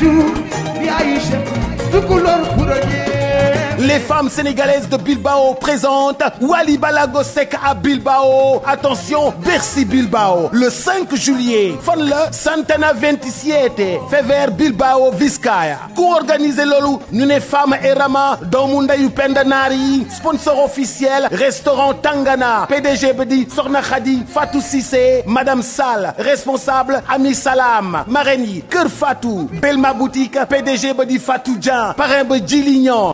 jour bi Aïcha du couleur pour Les femmes sénégalaises de Bilbao présentent Wally Balago Seck à Bilbao. Attention, Bercy Bilbao. Le 5 juillet, fan la Santana 27 Fever Bilbao Vizcaya. Co-organisé loolu ñu ne Fama et Rama doomu ndeyu Penda Naar yi sponsor officiel restaurant Tangana PDG bi di Soxna Khady Fatou Cissé Madame Sall responsable Ami Salam marraine yi Kër Belma boutique PDG ba di Fatou Dian parrain ba Djilignan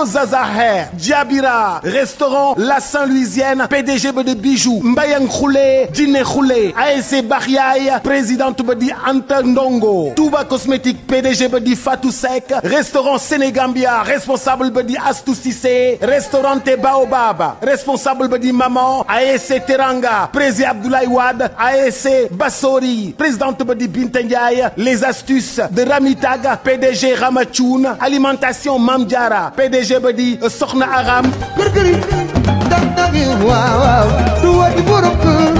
Rosa Zaher Diabira restaurant La Saint-Louisienne PDG ba de Bijou Mbayang Khoulé Dine Khoulé ASC Bakhyaay présidente ba di Anta Ndongo Touba Cosmétique PDG ba di Fatou Seck restaurant Sénégambia responsable ba di Astou Cissé restaurant Te Baobab responsable ba di Maman ASC Teranga président Abdoulaye Wade ASC Bassori présidente ba di Binta les astuces de Ramitag PDG Ramathoun alimentation Mam DG ba di euh, soxna Aram kër-këri dag dagi waaw waaw du wadi borom kër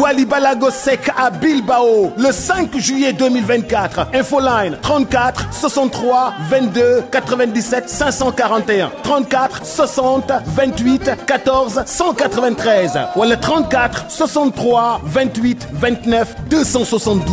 Wally Balago Seck à Bilbao le 5 juillet 2024 infoline 34 63 22 97 541 34 60 28 14 193 wala 34 63 28 29 272.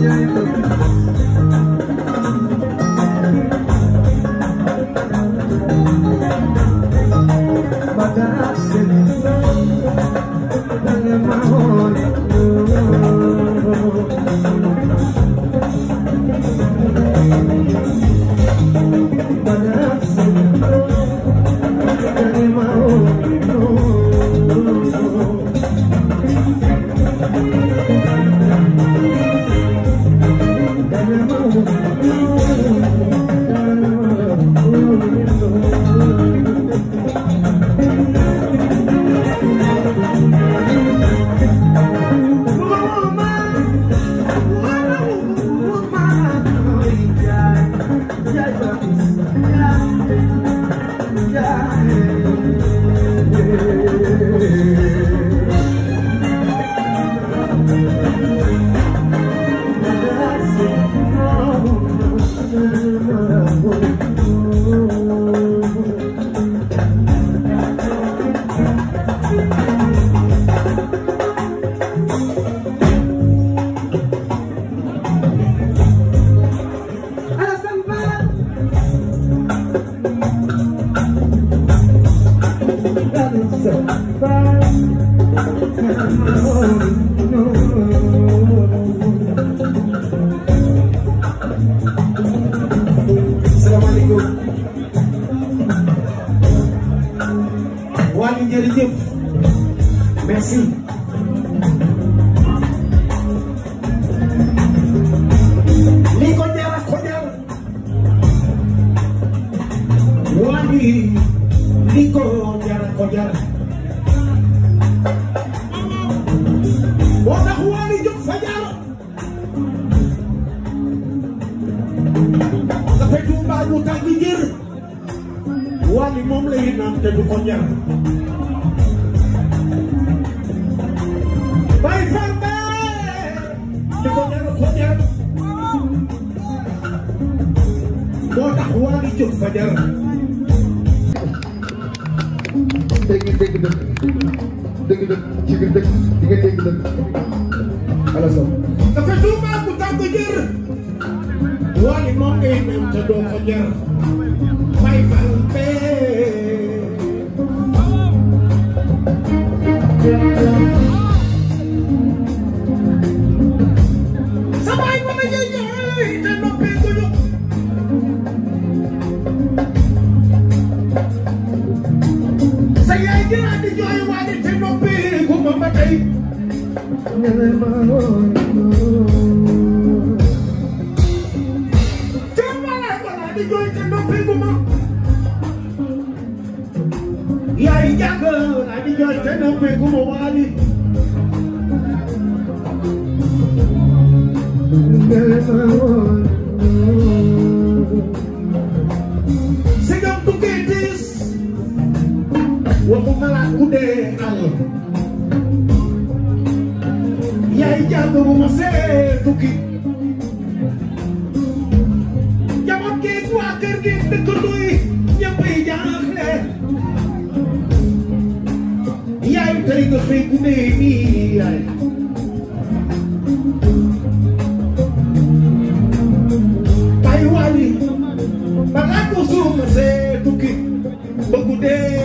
yeah, yeah. wani li ko jar ko jar moo tax wani jóg fa jar dafa tuuba bu tàggi jër wani moom lay naan te du ko jar bay farbe te ko jar ko jar moo tax wani jóg fa jar tey ngeen dégg dëkk dégg dëkk ci biir dëkk di ngeen dégg dëkk Alassane. dafa tuumaat ku tàgg jër. waaye moom ngay dem te doo ko jar. may fal. mooy te noppeeguma yaay jàng naa di jooy te noppeeguma waali sigam tukkee tiis waxuma la ku dee al yaay jàng bu ma see tukki dëkkandoo yi ñëpp ay jaaxle yaay tey nga xëy ku ne nii yaay bay wàlli balaa ko suum see tukki ba guddee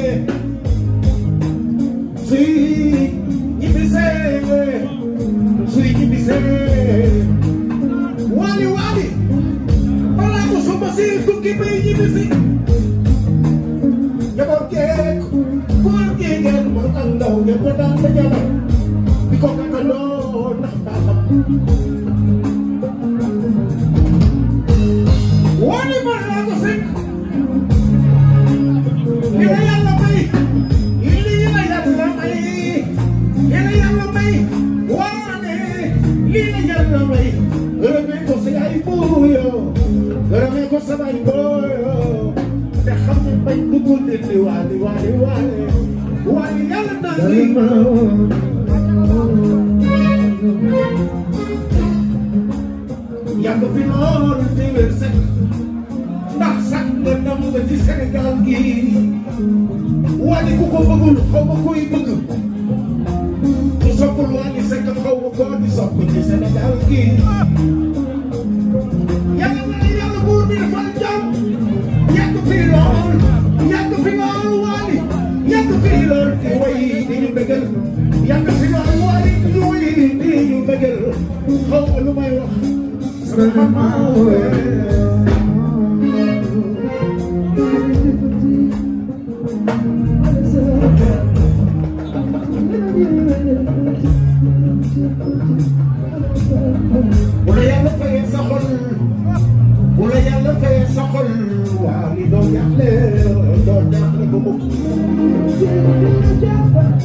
aqui.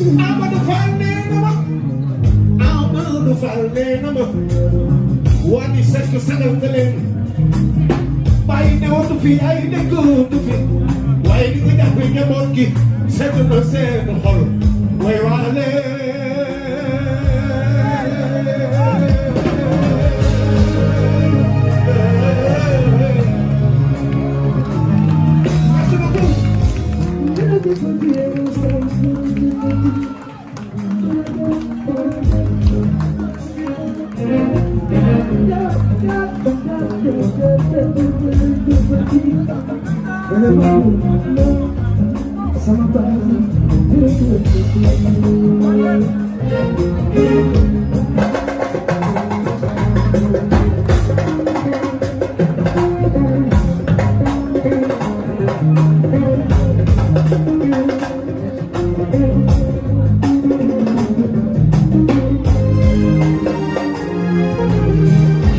Amadou Fall nee na ma Amadou Fall nee na ma wàññi sekk sagal nga leen bàyyi ne watu fi ay dëkk du fi waaye li nga jàppe njaboot gi sekk na seen xol way waale Thank you. Sometimes Thank you.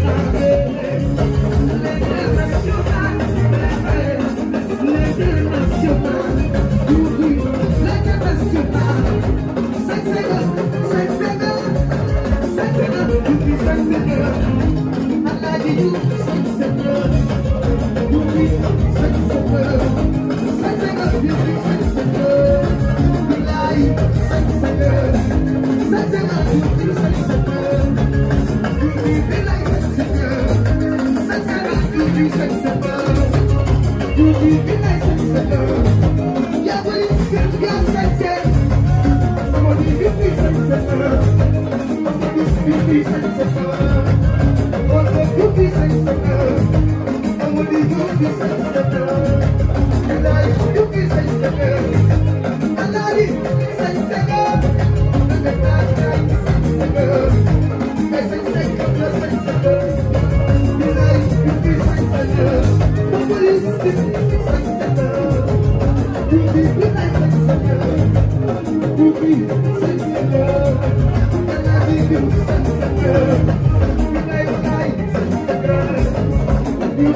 Thank you.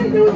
Thank you.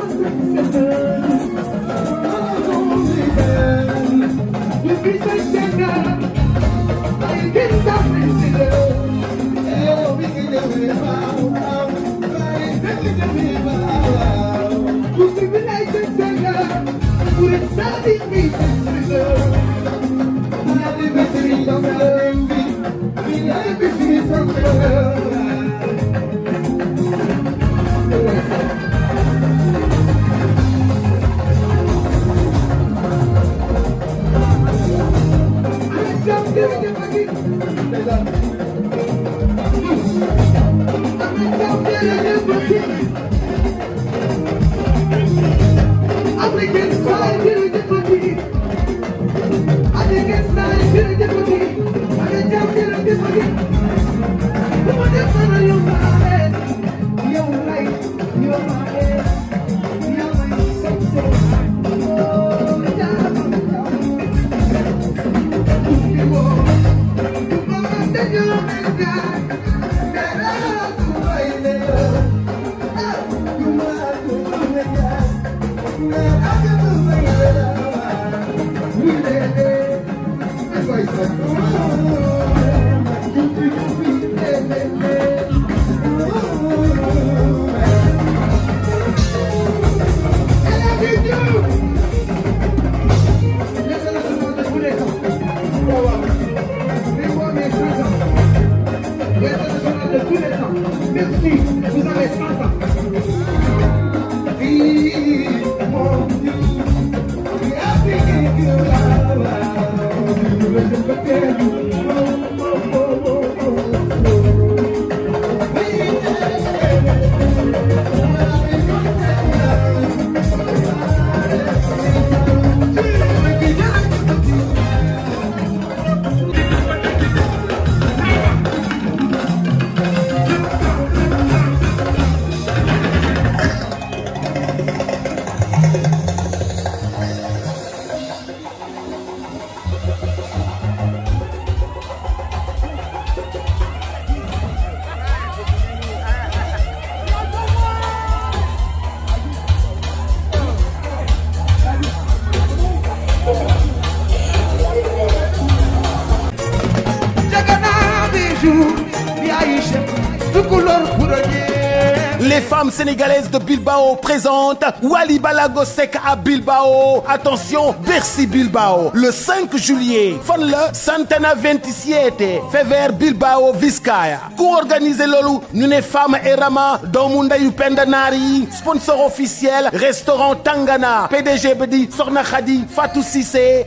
sénégalaise de Bilbao présente Wally Balago Seck à Bilbao attention Bercy Bilbao le 5 juillet fan la Santana 27 Fever Bilbao Vizcaya ku organiser loolu ñu ne Fama et Rama doomu ndeyu Penda Naar yi sponsor officiel restaurant Tangana PDG ba di Soxna Khady Fatou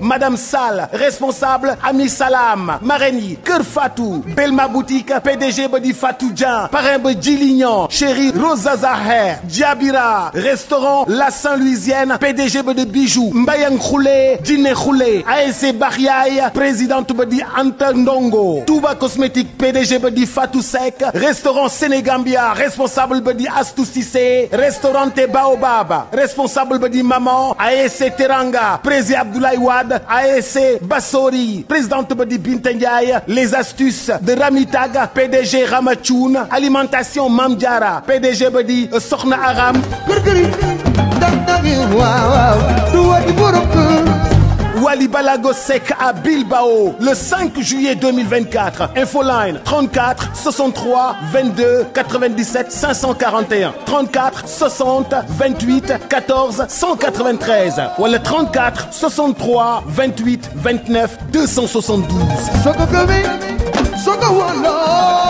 Madame Sall responsable Ami Salam marraine yi Kër Belma boutique PDG ba di Fatou Dian parrain ba Djilignan Daher Diabira restaurant La Saint-Louisienne PDG ba di Bijou Mbayang Khoulé Dine Khoulé ASC Bakhyaay présidente ba di Anta Ndongo Touba Cosmétique PDG ba di Fatou Seck restaurant Sénégambia responsable ba di Astou Cissé restaurant Baobab responsable ba di Maman ASC Teranga président Abdoulaye Wade ASC Bassori présidente ba di Binta Ndiaye les astuces de Ramitag PDG Ramathoune alimentation Mam Diara PDG ba soxna araam kër këri dag dagi waaw waaw du wati borom Wally Balago Seck à Bilbao le 5 juillet 2024 infoline 34 63 22 97 541 34 60 28 14 193 wala 34 63 28 29 272.